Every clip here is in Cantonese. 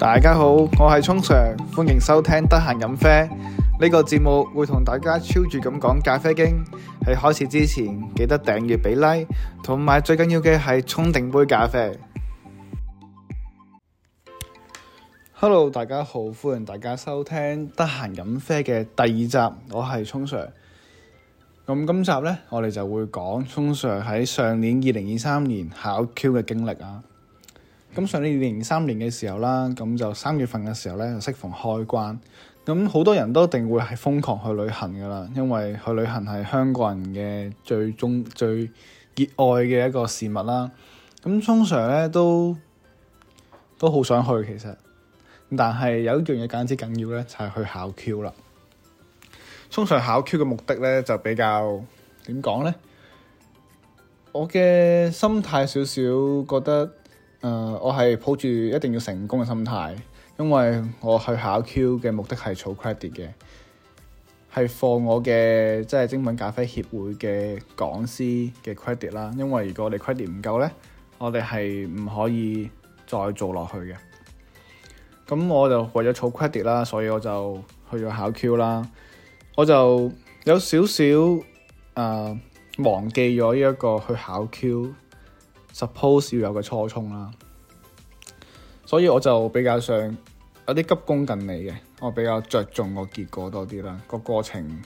大家好，我係聰 sir，歡迎收聽得閒飲啡呢、這個節目，會同大家超住咁講咖啡經。喺開始之前，記得訂閱俾 like，同埋、like, 最緊要嘅係沖定杯咖啡。Hello，大家好，歡迎大家收聽得閒飲啡嘅第二集，我係聰 sir。咁今集呢，我哋就會講聰 sir 喺上年二零二三年考 Q 嘅經歷啊。咁上年二零二三年嘅時候啦，咁就三月份嘅時候咧，就適逢開關，咁好多人都一定會係瘋狂去旅行㗎喇，因為去旅行係香港人嘅最終最熱愛嘅一個事物啦。咁通常咧都都好想去，其實，但係有一樣嘢簡直緊要咧，就係、是、去考 Q 啦。通常考 Q 嘅目的咧，就比較點講咧？我嘅心態少少覺得。Uh, 我係抱住一定要成功嘅心態，因為我去考 Q 嘅目的係儲 credit 嘅，係放我嘅即係精品咖啡協會嘅講師嘅 credit 啦。因為如果我哋 credit 唔夠呢，我哋係唔可以再做落去嘅。咁我就為咗儲 credit 啦，所以我就去咗考 Q 啦。我就有少少、uh, 忘記咗呢一個去考 Q。Suppose 要有個初衷啦，所以我就比較上有啲急功近利嘅，我比較着重個結果多啲啦，個過程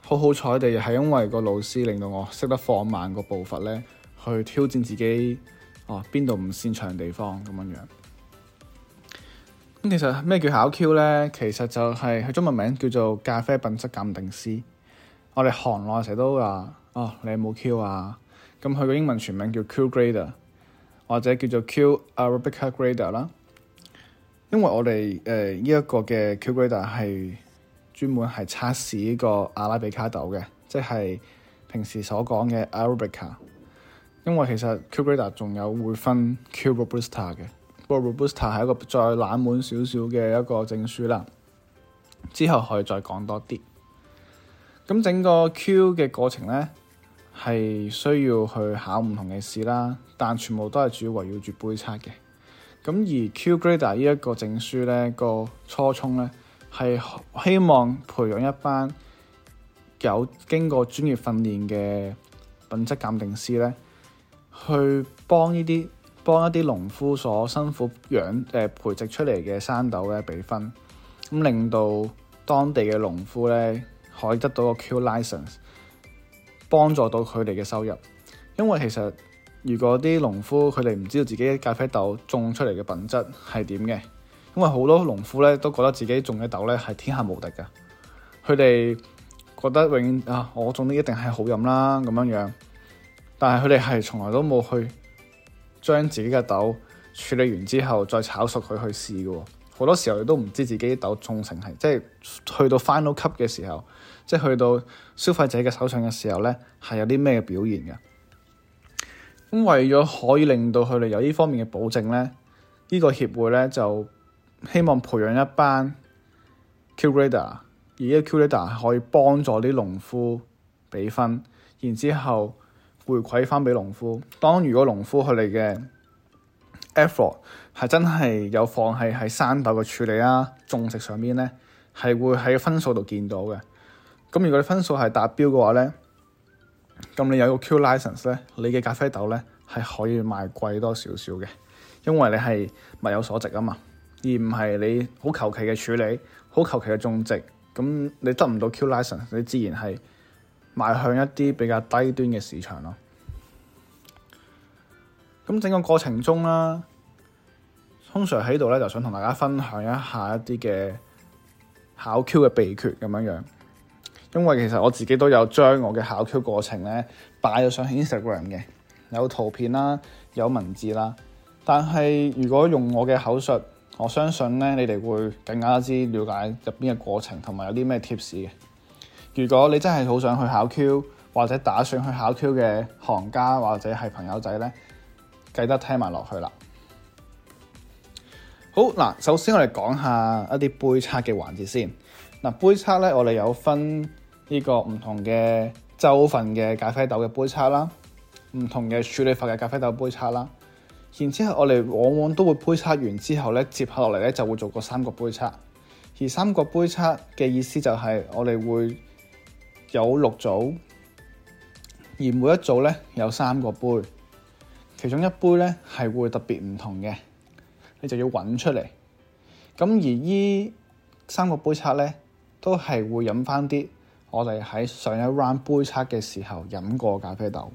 好好彩地係因為個老師令到我識得放慢個步伐咧，去挑戰自己，哦邊度唔擅長嘅地方咁樣樣。咁其實咩叫考 Q 咧？其實就係、是、佢中文名叫做咖啡品質鑑定師。我哋行內成日都話，哦、啊、你有冇 Q 啊？咁佢個英文全名叫 Q Grader，或者叫做 Q Arabica Grader 啦。因為我哋誒呢一個嘅 Q Grader 係專門係測試呢個阿拉比卡豆嘅，即係平時所講嘅 Arabica。因為其實 Q Grader 仲有會分 Q Robusta 嘅，不過 Robusta 係一個再冷門少少嘅一個證書啦。之後可以再講多啲。咁整個 Q 嘅過程咧。係需要去考唔同嘅試啦，但全部都係主要圍繞住杯測嘅。咁而 Q Grader 呢一個證書呢，個初衷呢，係希望培養一班有經過專業訓練嘅品質鑑定師呢，去幫呢啲幫一啲農夫所辛苦養誒、呃、培植出嚟嘅山豆呢，俾分，咁令到當地嘅農夫呢，可以得到個 Q License。幫助到佢哋嘅收入，因為其實如果啲農夫佢哋唔知道自己嘅咖啡豆種出嚟嘅品質係點嘅，因為好多農夫咧都覺得自己種嘅豆咧係天下無敵嘅，佢哋覺得永遠啊我種啲一定係好飲啦咁樣樣，但係佢哋係從來都冇去將自己嘅豆處理完之後再炒熟佢去試嘅。哦，好多時候亦都唔知自己啲豆種成係即係去到 final cup 嘅時候。即係去到消費者嘅手上嘅時候咧，係有啲咩嘅表現嘅。咁為咗可以令到佢哋有呢方面嘅保證咧，這個、協呢個協會咧就希望培養一班 Q Grader，而呢個 Q Grader 可以幫助啲農夫俾分，然之後回饋翻俾農夫。當如果農夫佢哋嘅 effort 係真係有放喺喺山豆嘅處理啊種植上邊咧，係會喺分數度見到嘅。咁如果你分數係達標嘅話咧，咁你有個 Q license 咧，你嘅咖啡豆咧係可以賣貴多少少嘅，因為你係物有所值啊嘛，而唔係你好求其嘅處理，好求其嘅種植，咁你得唔到 Q license，你自然係賣向一啲比較低端嘅市場咯。咁整個過程中啦，通常喺度咧就想同大家分享一下一啲嘅考 Q 嘅秘訣咁樣樣。因為其實我自己都有將我嘅考 Q 過程咧擺咗上去 Instagram 嘅，有圖片啦，有文字啦。但係如果用我嘅口述，我相信咧你哋會更加之了解入邊嘅過程同埋有啲咩 tips 嘅。如果你真係好想去考 Q 或者打算去考 Q 嘅行家或者係朋友仔咧，記得聽埋落去啦。好嗱，首先我哋講下一啲杯測嘅環節先。嗱杯測咧，我哋有分。呢個唔同嘅州份嘅咖啡豆嘅杯測啦，唔同嘅處理法嘅咖啡豆杯測啦。然之後，我哋往往都會杯測完之後咧，接下落嚟咧就會做個三個杯測。而三個杯測嘅意思就係我哋會有六組，而每一組咧有三個杯，其中一杯咧係會特別唔同嘅，你就要揾出嚟。咁而呢三個杯測咧都係會飲返啲。我哋喺上一 round 杯測嘅時候飲過咖啡豆。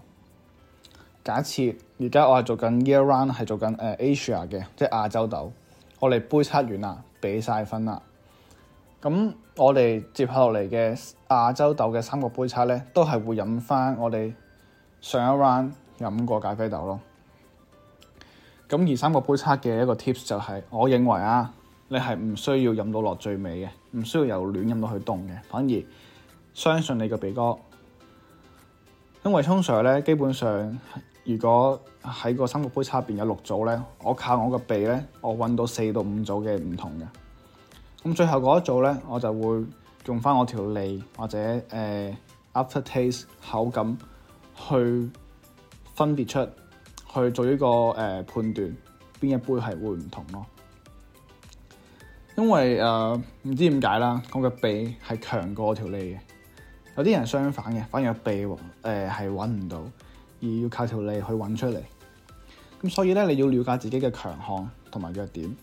假設而家我係做緊 year round，係做緊誒 Asia 嘅，即係亞洲豆。我哋杯測完啦，俾晒分啦。咁我哋接下落嚟嘅亞洲豆嘅三個杯測咧，都係會飲翻我哋上一 round 飲過咖啡豆咯。咁而三個杯測嘅一個 tips 就係，我認為啊，你係唔需要飲到落最尾嘅，唔需要由暖飲到去凍嘅，反而。相信你個鼻哥，因為通常呢，基本上如果喺個三個杯差入邊有六組呢，我靠我個鼻呢，我揾到四到五組嘅唔同嘅，咁最後嗰一組呢，我就會用返我條脷或者誒、呃、after taste 口感去分別出去做一、呢個、呃、判斷邊一杯係會唔同咯，因為誒唔、呃、知點解啦，我個鼻係強過我條脷嘅。有啲人相反嘅，反而個鼻誒係揾唔到，而要靠條脷去揾出嚟。咁所以咧，你要了解自己嘅強項同埋弱點，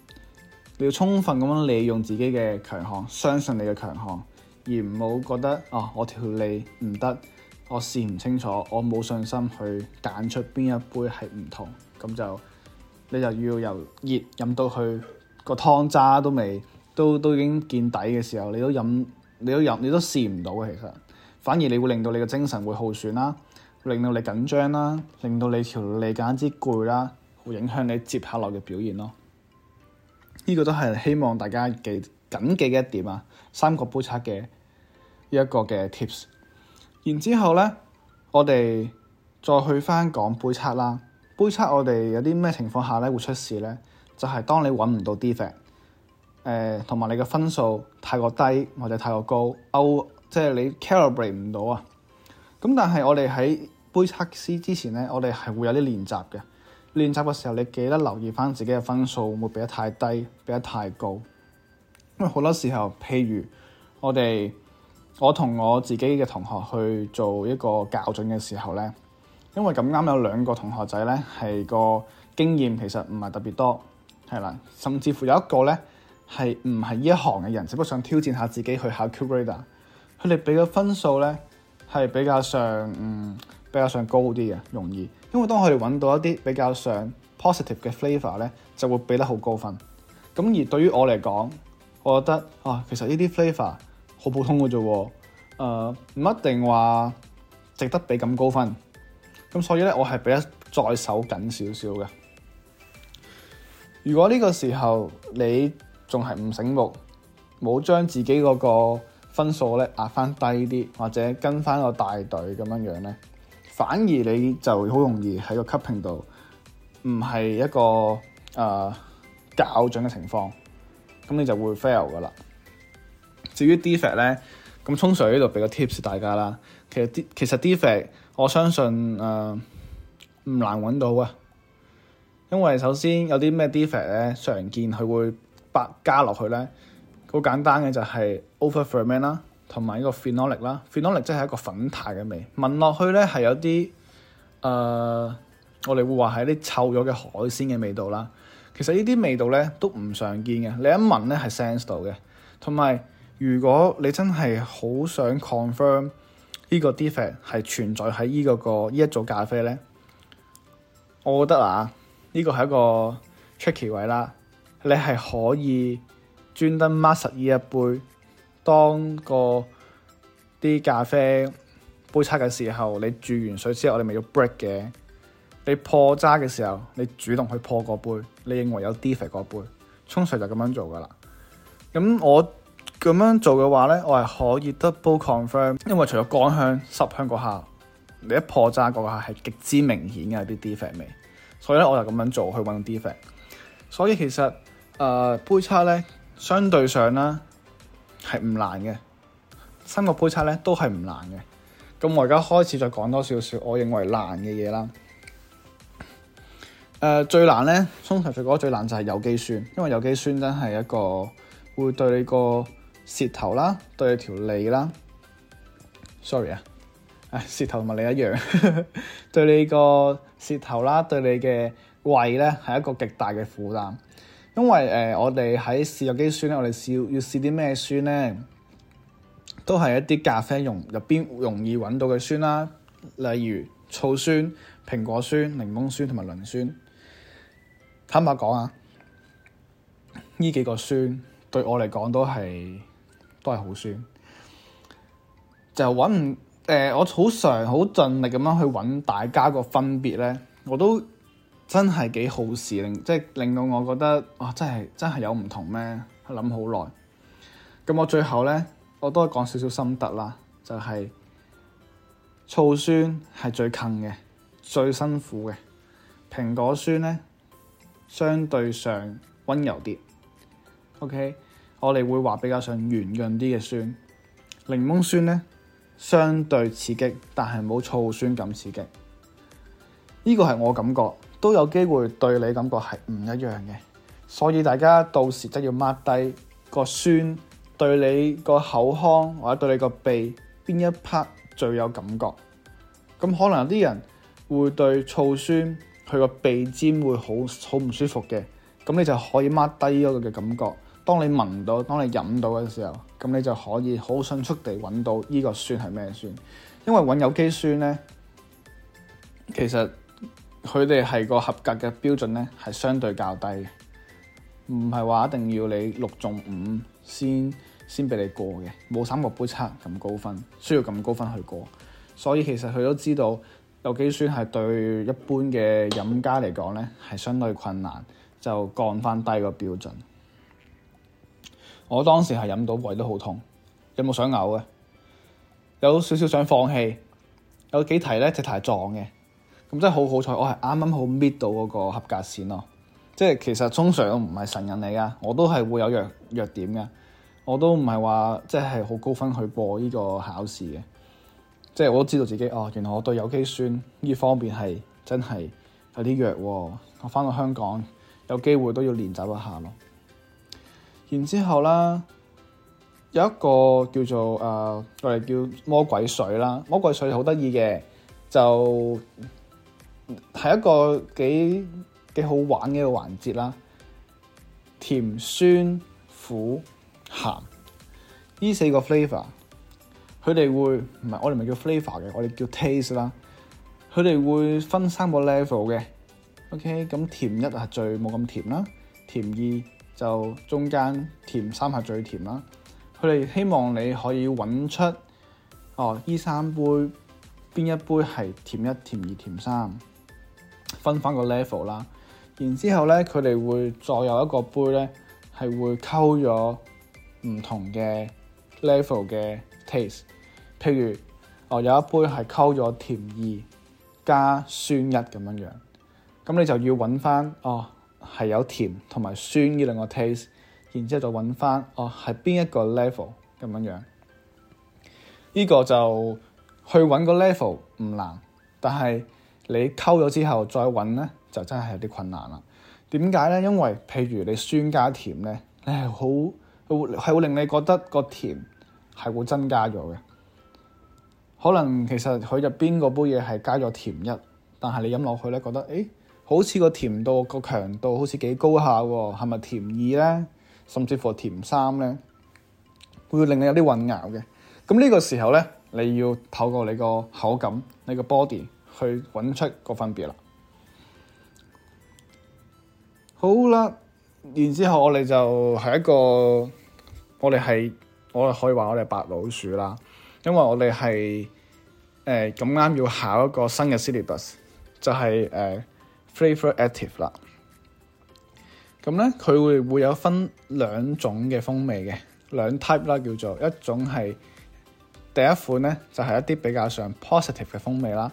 你要充分咁樣利用自己嘅強項，相信你嘅強項，而唔好覺得哦，我條脷唔得，我試唔清楚，我冇信心去揀出邊一杯係唔同。咁就你就要由熱飲到去個湯渣都未都都已經見底嘅時候，你都飲你都飲你，你都試唔到嘅。其實。反而你會令到你嘅精神會耗損啦、啊，令到你緊張啦、啊，令到你條脷簡直攰啦，會影響你接下來嘅表現咯。呢、這個都係希望大家記緊記嘅一點啊。三個杯測嘅一個嘅 tips。然之後咧，我哋再去翻講杯測啦。杯測我哋有啲咩情況下咧會出事咧？就係、是、當你揾唔到 defect、呃，同埋你嘅分數太過低或者太過高。O 即係你 calibrate 唔到啊！咁但係我哋喺杯測試之前咧，我哋係會有啲練習嘅。練習嘅時候，你記得留意翻自己嘅分數，會唔會俾得太低，俾得太高。因為好多時候，譬如我哋我同我自己嘅同學去做一個校準嘅時候咧，因為咁啱有兩個同學仔咧，係個經驗其實唔係特別多，係啦，甚至乎有一個咧係唔係呢一行嘅人，只不過想挑戰下自己去考 calibrator 佢哋俾嘅分數咧，係比較上，嗯，比較上高啲嘅，容易。因為當佢哋揾到一啲比較上 positive 嘅 flavour 咧，就會俾得好高分。咁而對於我嚟講，我覺得啊，其實呢啲 flavour 好普通嘅啫，喎、呃，唔一定話值得俾咁高分。咁所以咧，我係俾得再手緊少少嘅。如果呢個時候你仲係唔醒目，冇將自己嗰個分數咧，壓翻低啲，或者跟翻個大隊咁樣樣咧，反而你就好容易喺個 cupping 度唔係一個誒校、呃、準嘅情況，咁你就會 fail 噶啦。至於 defect 咧，咁沖水呢度俾個 tips 大家啦。其實 defect 其實 defect，我相信誒唔、呃、難揾到啊。因為首先有啲咩 defect 咧，常見佢會百加落去咧。好簡單嘅就係 over ferment 啦，同埋呢個 phenolic 啦 phenolic 即係一個粉態嘅味，聞落去咧係有啲，誒、呃，我哋會話係啲臭咗嘅海鮮嘅味道啦。其實呢啲味道咧都唔常見嘅，你一聞咧係 sense 到嘅。同埋如果你真係好想 confirm 呢個 defect 係存在喺呢個個呢一組咖啡咧，我覺得啊，呢個係一個 tricky 位啦，你係可以。專登 mark 實呢一杯，當個啲咖啡杯測嘅時候，你注完水之後，我哋咪要 break 嘅。你破渣嘅時候，你主動去破個杯，你認為有 defect 嗰杯，沖水就咁樣做噶啦。咁我咁樣做嘅話咧，我係可以 double confirm，因為除咗乾香濕香嗰下，你一破渣嗰下係極之明顯嘅啲 defect 味，所以咧我就咁樣做去揾 defect。所以其實誒、呃、杯測咧。相對上啦，係唔難嘅，三個杯測咧都係唔難嘅。咁我而家開始再講多少少我認為難嘅嘢啦。誒、呃，最難咧，通常最講最難就係有機酸，因為有機酸真係一個會對你個舌頭啦，對你條脷啦，sorry 啊，誒，舌頭同埋脷一樣，對你個舌頭啦，對你嘅胃咧係一個極大嘅負擔。因為誒、呃，我哋喺試有機酸咧，我哋試要試啲咩酸咧，都係一啲咖啡容入邊容易揾到嘅酸啦，例如醋酸、蘋果酸、檸檬酸同埋磷酸。坦白講啊，呢幾個酸對我嚟講都係都係好酸，就揾唔誒，我好常好盡力咁樣去揾大家個分別咧，我都。真係幾耗時，令即係令到我覺得哇、啊！真係真係有唔同咩？諗好耐咁，我最後咧，我都講少少心得啦，就係、是、醋酸係最強嘅、最辛苦嘅。蘋果酸咧，相對上溫柔啲。OK，我哋會話比較上圓潤啲嘅酸。檸檬酸咧，相對刺激，但係冇醋酸咁刺激。呢個係我感覺。都有機會對你感覺係唔一樣嘅，所以大家到時都要抹低個酸對你個口腔或者對你個鼻邊一 part 最有感覺。咁可能有啲人會對醋酸佢個鼻尖會好好唔舒服嘅，咁你就可以抹低嗰個嘅感覺。當你聞到、當你飲到嘅時候，咁你就可以好迅速地揾到呢個酸係咩酸。因為揾有機酸呢，其實。佢哋係個合格嘅標準咧，係相對較低，唔係話一定要你六中五先先俾你過嘅，冇三個杯測咁高分，需要咁高分去過，所以其實佢都知道有機酸係對一般嘅飲家嚟講咧，係相對困難，就降翻低個標準。我當時係飲到胃都好痛，有冇想嘔嘅、啊？有少少想放棄，有幾題咧直頭係撞嘅。咁真係好好彩，我係啱啱好搣到嗰個合格線咯。即係其實通常我唔係神人嚟噶，我都係會有弱弱點嘅。我都唔係話即係好高分去過呢個考試嘅。即係我都知道自己哦，原來我對有機酸呢方面係真係有啲弱、哦。我翻到香港有機會都要練習一下咯。然之後啦，有一個叫做誒，呃，我哋叫魔鬼水啦。魔鬼水好得意嘅就～係一個幾幾好玩嘅一個環節啦，甜酸苦鹹呢四個 flavor，佢哋會，唔係，我哋唔係叫 flavor 嘅，我哋叫，叫 taste 啦，佢哋會分三個 level 嘅，OK，咁甜一係最冇咁甜啦，甜二就中間，甜三係最甜啦，佢哋希望你可以搵出，哦，呢三杯邊一杯係甜一、甜二、甜三。分翻個 level 啦，然之後咧佢哋會再有一個杯咧，係會溝咗唔同嘅 level 嘅 taste。譬如哦有一杯係溝咗甜二加酸一咁樣樣，咁你就要揾翻哦係有甜同埋酸呢兩個 taste，然之後就揾翻哦係邊一個 level 咁樣樣。呢個就去揾個 level 唔難，但係，你溝咗之後再揾呢，就真係有啲困難啦。點解呢？因為譬如你酸加甜呢，你係好係會令你覺得個甜係會增加咗嘅。可能其實佢入邊嗰杯嘢係加咗甜一，但係你飲落去呢，覺得誒好似個甜度個強度好似幾高下喎。係咪甜二呢？甚至乎甜三呢，會令你有啲混淆嘅。咁呢個時候呢，你要透過你個口感、你個 body。去揾出個分別啦。好啦，然之後我哋就係一個，我哋係我哋可以話我哋白老鼠啦，因為我哋係誒咁啱要考一個新嘅 syllabus，就係誒 Flavor Active 啦。咁、呃、咧，佢會、嗯、會有分兩種嘅風味嘅兩 type 啦，叫做一種係第一款咧，就係、是、一啲比較上 positive 嘅風味啦。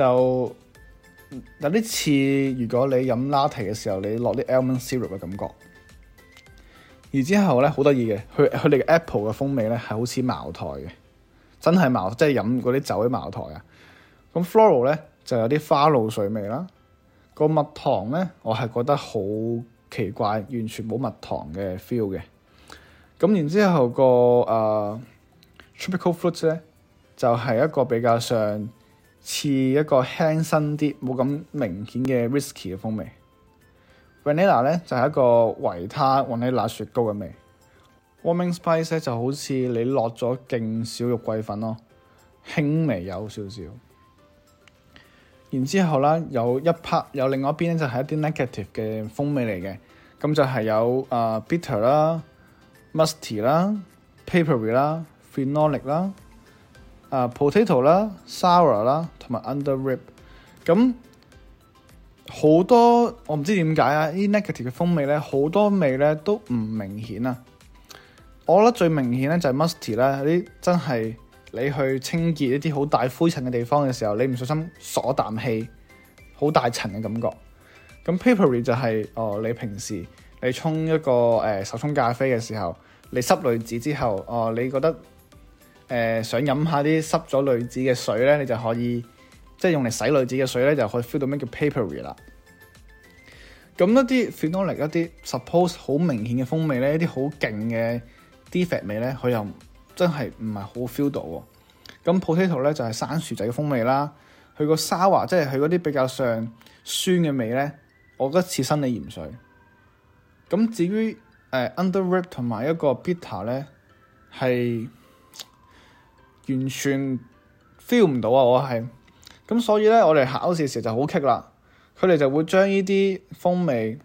就有啲似，如果你飲 latte 嘅時候，你落啲 almond syrup 嘅感覺。而之後咧好得意嘅，佢佢哋嘅 apple 嘅風味咧係好似茅台嘅，真係茅，即係飲嗰啲酒喺茅台啊。咁 floral 咧就有啲花露水味啦。個蜜糖咧我係覺得好奇怪，完全冇蜜糖嘅 feel 嘅。咁然之後、那個啊、uh, tropical fruits 咧就係、是、一個比較上。似一個輕身啲，冇咁明顯嘅 whisky 嘅風味。Vanilla 咧就係、是、一個維他 Vanilla 雪糕嘅味。Warming Spice 咧就好似你落咗勁少肉桂粉咯，輕微有少少。然之後啦，有一 part 有另外一邊咧就係、是、一啲 negative 嘅風味嚟嘅，咁就係有啊、uh, bitter 啦、musty 啦、papery 啦、phenolic 啦。啊、uh，potato 啦、sour 啦，同埋 under ripe，咁好多我唔知點解啊！啲 negative 嘅風味咧，好多味咧都唔明顯啊！我覺得最明顯咧就係、是、musty 咧，啲真係你去清潔一啲好大灰塵嘅地方嘅時候，你唔小心索啖氣，好大塵嘅感覺。咁 papery 就係、是、哦，你平時你沖一個誒、呃、手沖咖啡嘅時候，你濕壺紙之後，哦，你覺得。誒、呃、想飲下啲濕咗濾紙嘅水咧，你就可以即係用嚟洗濾紙嘅水咧，就可以 feel 到咩叫 paper 味啦。咁一啲 phenolic 一啲些 suppose 好明顯嘅風味咧，一啲好勁嘅啲 defect 味咧，佢又真係唔係好 feel 到喎、哦。咁 potato 咧就係、是、生薯仔嘅風味啦。佢個 sour，即係佢嗰啲比較上酸嘅味咧，我覺得似生理鹽水。咁至於誒 under ripe 同埋一個 bitter 咧，係。完全 feel 唔到啊！我係咁，所以咧，我哋考試時就好棘啦。佢哋就會將呢啲風味，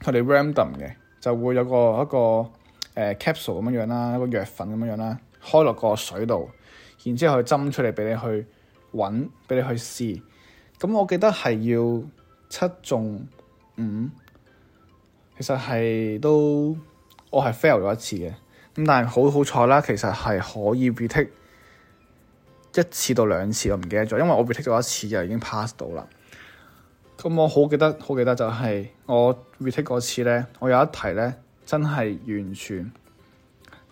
佢哋 random 嘅，就會有個一個誒、呃、capsule 咁樣樣啦，一個藥粉咁樣樣啦，開落個水度，然之後去斟出嚟俾你去揾，俾你去試。咁我記得係要七中五，其實係都我係 fail 咗一次嘅。咁但係好好彩啦，其實係可以 retake 一次到兩次我唔記得咗，因為我 retake 咗一次就已經 pass 到啦。咁、嗯、我好記得，好記得就係、是、我 retake 嗰次咧，我有一題咧，真係完全誒、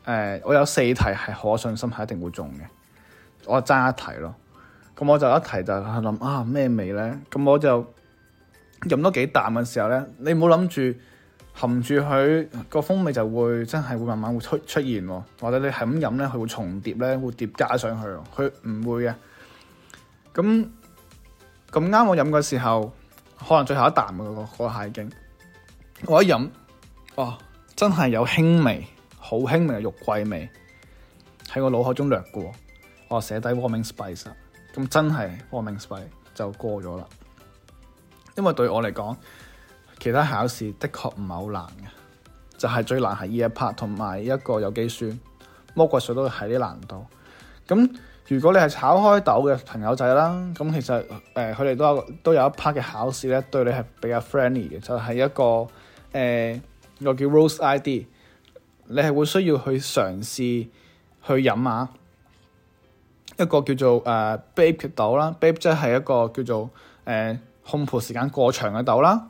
呃，我有四題係可信心係一定會中嘅，我爭一題咯。咁、嗯、我就一題就係諗啊咩味咧，咁、嗯、我就飲多幾啖嘅時候咧，你唔好諗住。含住佢個風味就會真係會慢慢會出出現喎，或者你係咁飲咧，佢會重疊咧，會疊加上去，佢唔會嘅。咁咁啱我飲嘅時候，可能最後一啖嗰個嗰個蟹勁，我一飲，哇！真係有輕微，好輕微嘅肉桂味喺我腦海中掠過，我寫低 warming spice 咁真係 warming spice 就過咗啦。因為對我嚟講，其他考試的確唔係好難嘅，就係、是、最難係呢一 part 同埋一個有機酸魔鬼水都係啲難度。咁如果你係炒開豆嘅朋友仔啦，咁其實誒佢哋都有都有一 part 嘅考試咧，對你係比較 friendly 嘅，就係、是、一個誒又、呃、叫 Roast ID。你係會需要去嘗試去飲一下一個叫做誒、呃、baked 豆啦，baked 即係一個叫做誒烘焙時間過長嘅豆啦。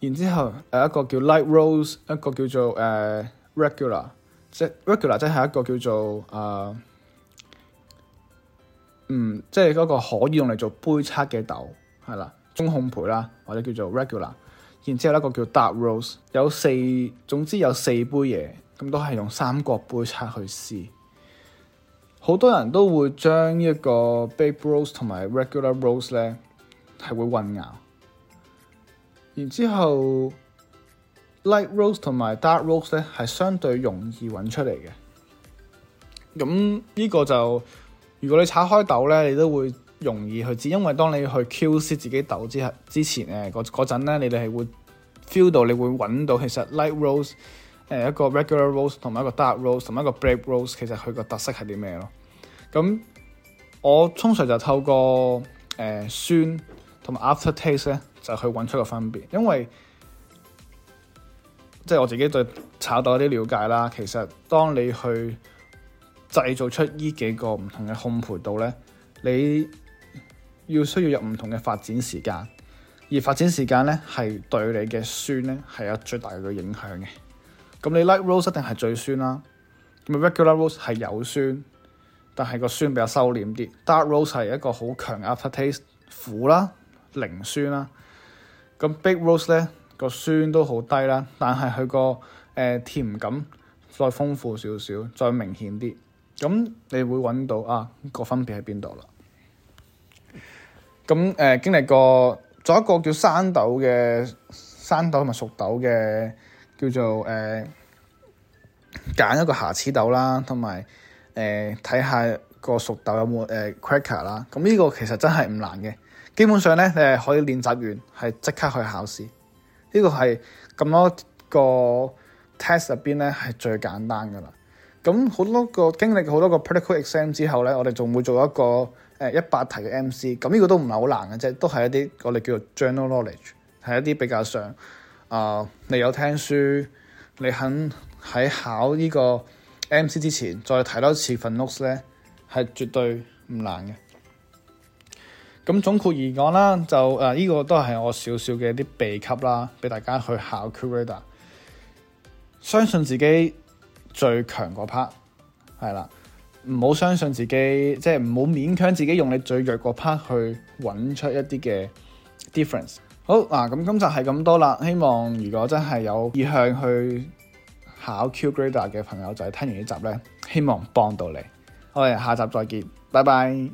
然之後，有一個叫 Light Rose，一個叫做誒、uh, Regular，即 Regular 即係一個叫做啊，uh, 嗯，即係嗰個可以用嚟做杯測嘅豆，係啦，中烘焙啦，或者叫做 Regular。然之後一個叫 Dark Rose，有四，總之有四杯嘢，咁都係用三角杯測去試。好多人都會將一個 Light Rose 同埋 Regular Rose 咧，係會混淆。然之後，light roast 同埋 dark roast 咧，係相對容易揾出嚟嘅。咁呢、這個就如果你炒開豆咧，你都會容易去知，因為當你去、Q、c 自己豆之後之前誒嗰陣咧，你哋係會 feel 到，你會揾到其實 light roast 誒、呃、一個 regular roast 同埋一個 dark roast 同埋一個 break roast，其實佢個特色係啲咩咯？咁我通常就透過誒、呃、酸同埋 after taste 咧。就去揾出個分別，因為即係、就是、我自己對炒豆有啲了解啦。其實當你去製造出呢幾個唔同嘅烘焙度咧，你要需要有唔同嘅發展時間，而發展時間咧係對你嘅酸咧係有最大嘅影響嘅。咁你 Light Roast 一定係最酸啦，咁 Regular Roast 係有酸，但係個酸比較收斂啲。Dark Roast 係一個好強 aftertaste 苦啦、零酸啦。咁 Big Rose 咧、那個酸都好低啦，但係佢個誒甜感再豐富少少，再明顯啲。咁你會揾到啊個分別喺邊度啦？咁誒、呃、經歷過咗一個叫生豆嘅生豆同埋熟豆嘅叫做誒揀、呃、一個瑕疵豆啦，同埋誒睇下個熟豆有冇誒、呃、cracker 啦。咁呢個其實真係唔難嘅。基本上咧，你係可以練習完，係即刻去考試。呢、這個係咁多個 test 入邊咧，係最簡單噶啦。咁好多個經歷好多個 practical exam 之後咧，我哋仲會做一個誒一百題嘅 MC。咁、這、呢個都唔係好難嘅啫，都係一啲我哋叫做 general knowledge，係一啲比較上啊、呃，你有聽書，你肯喺考呢個 MC 之前再睇多次份 notes 咧，係絕對唔難嘅。咁總括而講啦，就誒呢、啊呢個都係我少少嘅啲秘笈啦，俾大家去考 Q Grader。相信自己最強個 part 係啦，唔好相信自己，即係唔好勉強自己用你最弱個 part 去揾出一啲嘅 difference。好嗱，咁、啊、今集係咁多啦，希望如果真係有意向去考 Q Grader 嘅朋友仔、就係、聽完集呢集咧，希望幫到你。我哋下集再見，拜拜。